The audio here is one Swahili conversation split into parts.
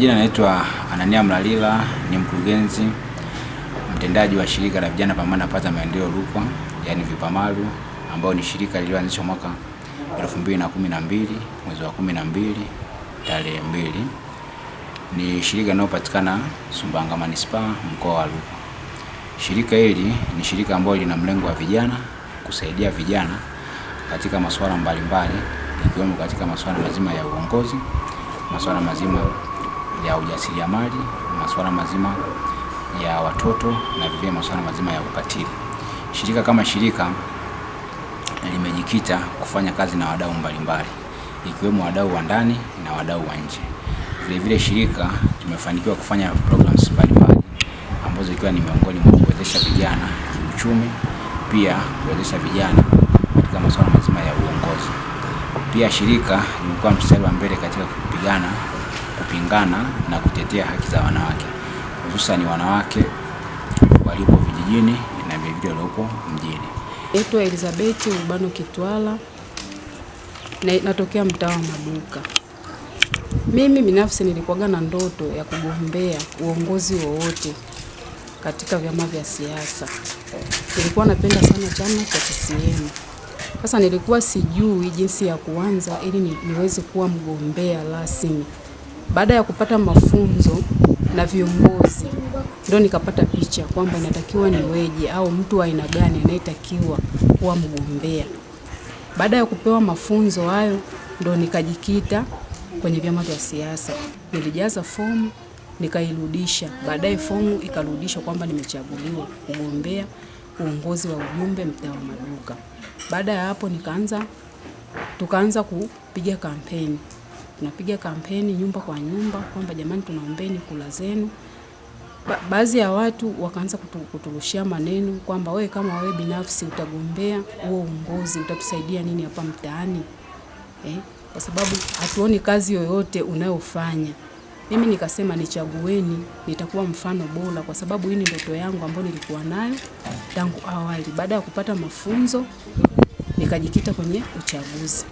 Jina naitwa Anania Mlalila, ni mkurugenzi mtendaji wa shirika la vijana Pambana Pata Maendeleo Rukwa, yani VIPAMALU, ambayo ni shirika lililoanzishwa mwaka 2012 mwezi wa 12 tarehe 2. Ni shirika linalopatikana Sumbawanga Manispaa, mkoa wa Rukwa. Shirika hili ni shirika ambalo lina mlengo wa vijana, kusaidia vijana katika masuala mbalimbali, ikiwemo katika masuala mazima ya uongozi, masuala mazima ya ujasiriamali, masuala mazima ya watoto na vile masuala mazima ya ukatili. Shirika kama shirika limejikita kufanya kazi na wadau mbalimbali ikiwemo wadau wa ndani na wadau wa nje. Vile vile shirika tumefanikiwa kufanya programs mbalimbali ambazo ikiwa ni miongoni mwa kuwezesha vijana kiuchumi, pia kuwezesha vijana katika masuala mazima ya uongozi. Pia shirika limekuwa mstari wa mbele katika kupigana kupingana na kutetea haki za wanawake hususan wanawake waliopo vijijini na vilevile waliopo mjini. Naitwa Elizabeth Rubano Kitwala na, natokea mtaa wa Maduka. Mimi binafsi nilikuwaga na ndoto ya kugombea uongozi wowote katika vyama vya siasa. Nilikuwa napenda sana chama cha CCM. Sasa nilikuwa sijui jinsi ya kuanza ili niweze kuwa mgombea rasmi. Baada ya kupata mafunzo na viongozi, ndio nikapata picha kwamba inatakiwa niweje au mtu wa aina gani anayetakiwa kuwa mgombea. Baada ya kupewa mafunzo hayo, ndo nikajikita kwenye vyama vya siasa. Nilijaza fomu nikairudisha, baadaye fomu ikarudishwa kwamba nimechaguliwa kugombea uongozi wa ujumbe mtaa wa Maduka. Baada ya hapo nikaanza tukaanza kupiga kampeni tunapiga kampeni nyumba kwa nyumba kwamba jamani, tunaombeni kula zenu. Ba baadhi ya watu wakaanza kuturushia maneno kwamba wewe kama wewe binafsi utagombea huo uongozi utatusaidia nini hapa mtaani eh? Kwa sababu hatuoni kazi yoyote unayofanya. Mimi nikasema nichagueni, nitakuwa mfano bora, kwa sababu hii ni ndoto yangu ambayo nilikuwa nayo tangu awali. Baada ya kupata mafunzo, nikajikita kwenye uchaguzi,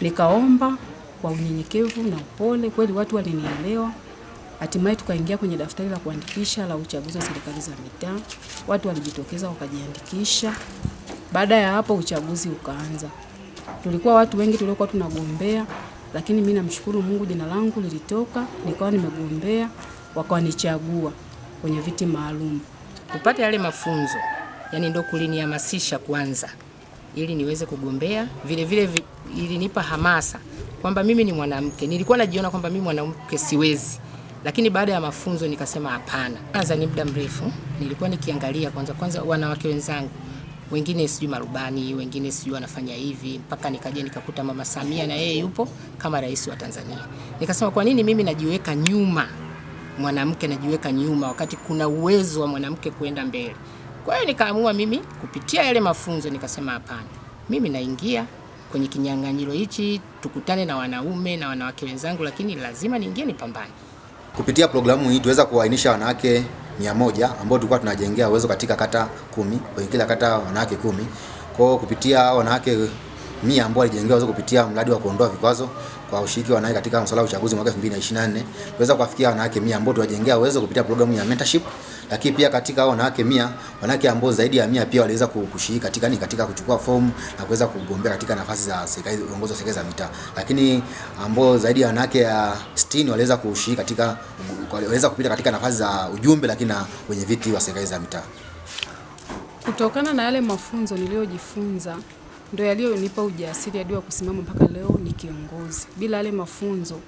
nikaomba kwa unyenyekevu na upole. Kweli watu walinielewa. Hatimaye tukaingia kwenye daftari la kuandikisha la uchaguzi wa serikali za mitaa. Watu walijitokeza wakajiandikisha. Baada ya hapo uchaguzi ukaanza. Tulikuwa watu wengi tuliokuwa tunagombea, lakini mimi namshukuru Mungu, jina langu lilitoka, nikawa nimegombea, wakawanichagua kwenye viti maalum. Kupata yale mafunzo yani ndio kulinihamasisha kwanza ili niweze kugombea. Vile vile ilinipa hamasa kwamba mimi ni mwanamke. Nilikuwa najiona kwamba mimi mwanamke siwezi, lakini baada ya mafunzo nikasema hapana. Kwanza ni muda mrefu nilikuwa nikiangalia kwanza kwanza wanawake wenzangu wengine sijui marubani, wengine sijui wanafanya hivi, mpaka nikaja nikakuta Mama Samia na yeye yupo kama rais wa Tanzania. Nikasema kwa nini mimi najiweka nyuma, mwanamke najiweka nyuma, wakati kuna uwezo wa mwanamke kuenda mbele. Kwa hiyo nikaamua mimi kupitia yale mafunzo nikasema hapana, mimi naingia kwenye kinyang'anyiro hichi, tukutane na wanaume na wanawake wenzangu, lakini lazima niingie nipambane. Kupitia programu hii tuweza kuainisha wanawake mia moja ambao tulikuwa tunajengea uwezo katika kata kumi, kwenye kila kata wanawake kumi. Kwa kupitia wanawake mia ambao walijengea uwezo kupitia mradi wa kuondoa vikwazo kwa ushiriki wa wanawake katika masuala ya uchaguzi mwaka 2024 tuweza kuwafikia wanawake 100 ambao tuwajengea uwezo kupitia programu ya mentorship, lakini pia katika hao wanawake 100 wanawake ambao zaidi ya 100 pia waliweza kushiriki katika ni katika kuchukua fomu na kuweza kugombea katika nafasi za serikali, uongozi wa serikali za mitaa, lakini ambao zaidi ya wanawake ya ah, 60 waliweza kushiriki katika waliweza kupita katika nafasi za ujumbe, lakini na viti wa serikali za mitaa. Kutokana na yale mafunzo niliyojifunza ndo yaliyonipa ujasiri hadi wa kusimama mpaka leo ni kiongozi. Bila yale mafunzo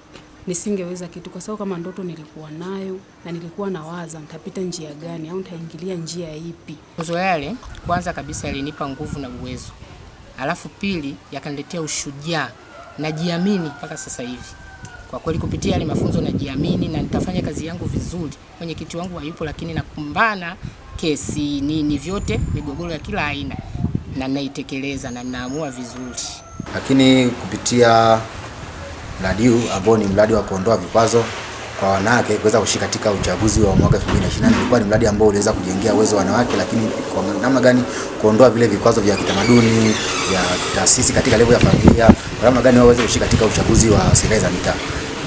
nisingeweza kitu, kwa sababu kama ndoto nilikuwa nayo na nilikuwa nawaza nitapita njia gani au nitaingilia njia ipi. Mafunzo yale kwanza kabisa yalinipa nguvu na uwezo, alafu pili yakaniletea ushujaa, najiamini mpaka sasa hivi. Kwa kweli kupitia yale mafunzo najiamini na nitafanya kazi yangu vizuri. Mwenyekiti wangu hayupo, lakini nakumbana kesi nini, vyote migogoro ya kila aina na naitekeleza na naamua vizuri. Lakini kupitia mradi huu ambao ni mradi wa kuondoa vikwazo kwa wanawake kuweza kushika katika uchaguzi wa mwaka 2024 ilikuwa ni mradi ambao uliweza kujengea uwezo wa wanawake, lakini kwa namna gani kuondoa vile vikwazo vya kitamaduni vya taasisi katika level ya familia, kwa namna gani waweze kushika katika uchaguzi wa serikali za mitaa.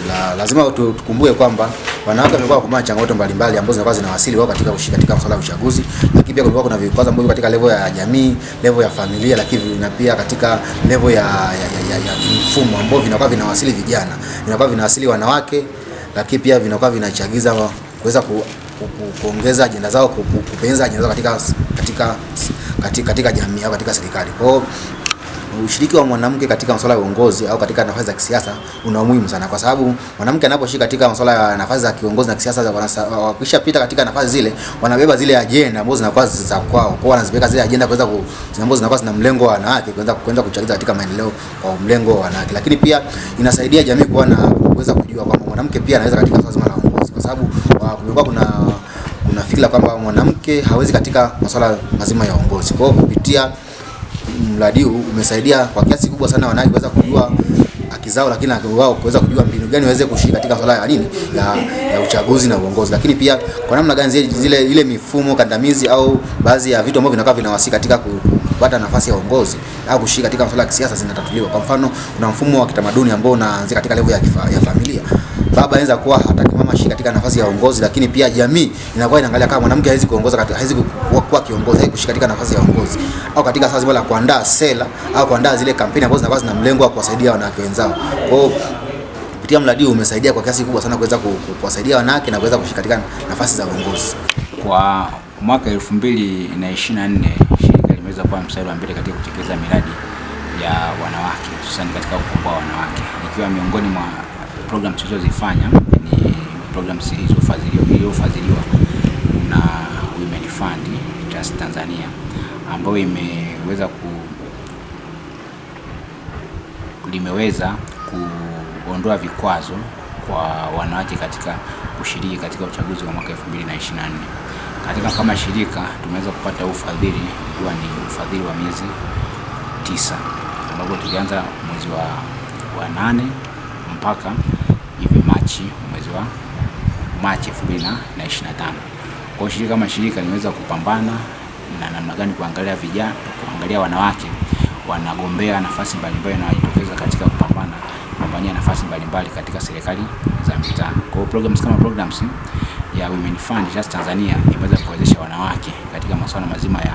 La, lazima tukumbuke kwamba wanawake wamekuwa kwa changamoto mbalimbali ambazo zinakuwa zinawasili wao katika kushika katika masuala ya uchaguzi, lakini pia kulikuwa kuna vikwazo ambavyo katika level ya jamii, level ya familia, lakini na pia katika level ya ya, ya, ya ya mfumo ambao vinakuwa vinawasili vijana, vinakuwa vinawasili wanawake, lakini pia vinakuwa vinachagiza kuweza ku, ku, ku, kuongeza ajenda zao, kupenza ajenda zao katika katika katika, katika jamii au katika serikali. Kwa hiyo ushiriki wa mwanamke katika masuala ya uongozi au katika nafasi za kisiasa una umuhimu sana, kwa sababu mwanamke anaposhika katika masuala ya nafasi za kiongozi na kisiasa, pita katika nafasi zile, wanabeba zile ajenda ambazo zinakuwa za kwao, kwa wanazipeleka zile ajenda kuweza ambazo zinakuwa zina mlengo wa wanawake kuweza kuweza kuchagiza katika maendeleo kwa mlengo wa wanawake, lakini pia inasaidia jamii kuwa na kuweza kujua kwamba mwanamke pia anaweza katika swala la uongozi, kwa sababu kumekuwa kuna kuna fikra kwamba mwanamke hawezi katika masuala mazima ya uongozi. Kwa hiyo kupitia mradi huu umesaidia kwa kiasi kubwa sana wanawake kuweza kujua haki zao, lakini wao kuweza kujua mbinu gani waweze kushiriki katika swala ya nini ya, ya uchaguzi na uongozi, lakini pia kwa namna gani zile ile mifumo kandamizi au baadhi ya vitu ambavyo vinakuwa vinawasi katika kupata nafasi ya uongozi au kushiriki katika swala ya kisiasa zinatatuliwa. Kwa mfano, kuna mfumo wa kitamaduni ambao unaanzia katika level ya, ya familia baba anaweza kuwa hataki mama shika katika nafasi ya uongozi, lakini pia jamii inakuwa inaangalia kama mwanamke hawezi kuongoza katika hawezi kuwa kuwa kiongozi, hawezi kushika katika nafasi ya uongozi, au katika sasa bora kuandaa sera au kuandaa zile kampeni ambazo zinakuwa zina mlengo wa kuwasaidia wanawake wenzao. Kwa hiyo kupitia mradi huu umesaidia kwa kiasi kikubwa sana kuweza kuwasaidia wanawake na kuweza kushika katika nafasi za uongozi. Kwa mwaka 2024 shirika limeweza kuwa mstari wa mbele katika kutekeleza miradi ya wanawake hususani katika ukubwa wa wanawake ikiwa miongoni mwa program tulizozifanya ni programs iliyofadhiliwa na Women Fund Trust Tanzania ambayo imeweza ku limeweza kuondoa vikwazo kwa wanawake katika kushiriki katika uchaguzi wa mwaka 2024. Katika kama shirika tumeweza kupata ufadhili ikiwa ni ufadhili wa miezi tisa ambapo tulianza mwezi wa, wa nane mpaka hivi Machi, mwezi wa Machi 2025. Kwa hiyo shirika kama shirika limeweza kupambana na namna gani kuangalia vijana, kuangalia wanawake wanagombea nafasi mbalimbali na wajitokeza katika kupambana kupambania nafasi mbalimbali katika serikali za mitaa. Kwa hiyo programs kama programs ya Women Fund Just Tanzania imeweza kuwezesha wanawake katika masuala mazima ya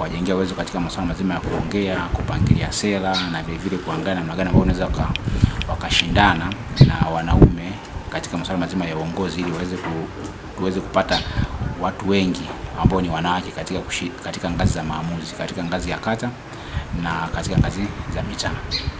kuwajengea uwezo katika masuala mazima ya kuongea, kupangilia sera na vile vile kuangalia namna gani ambao unaweza wakashindana na wanaume katika masuala mazima ya uongozi ili waweze ku, tuweze kupata watu wengi ambao ni wanawake katika, katika ngazi za maamuzi, katika ngazi ya kata na katika ngazi za mitaa.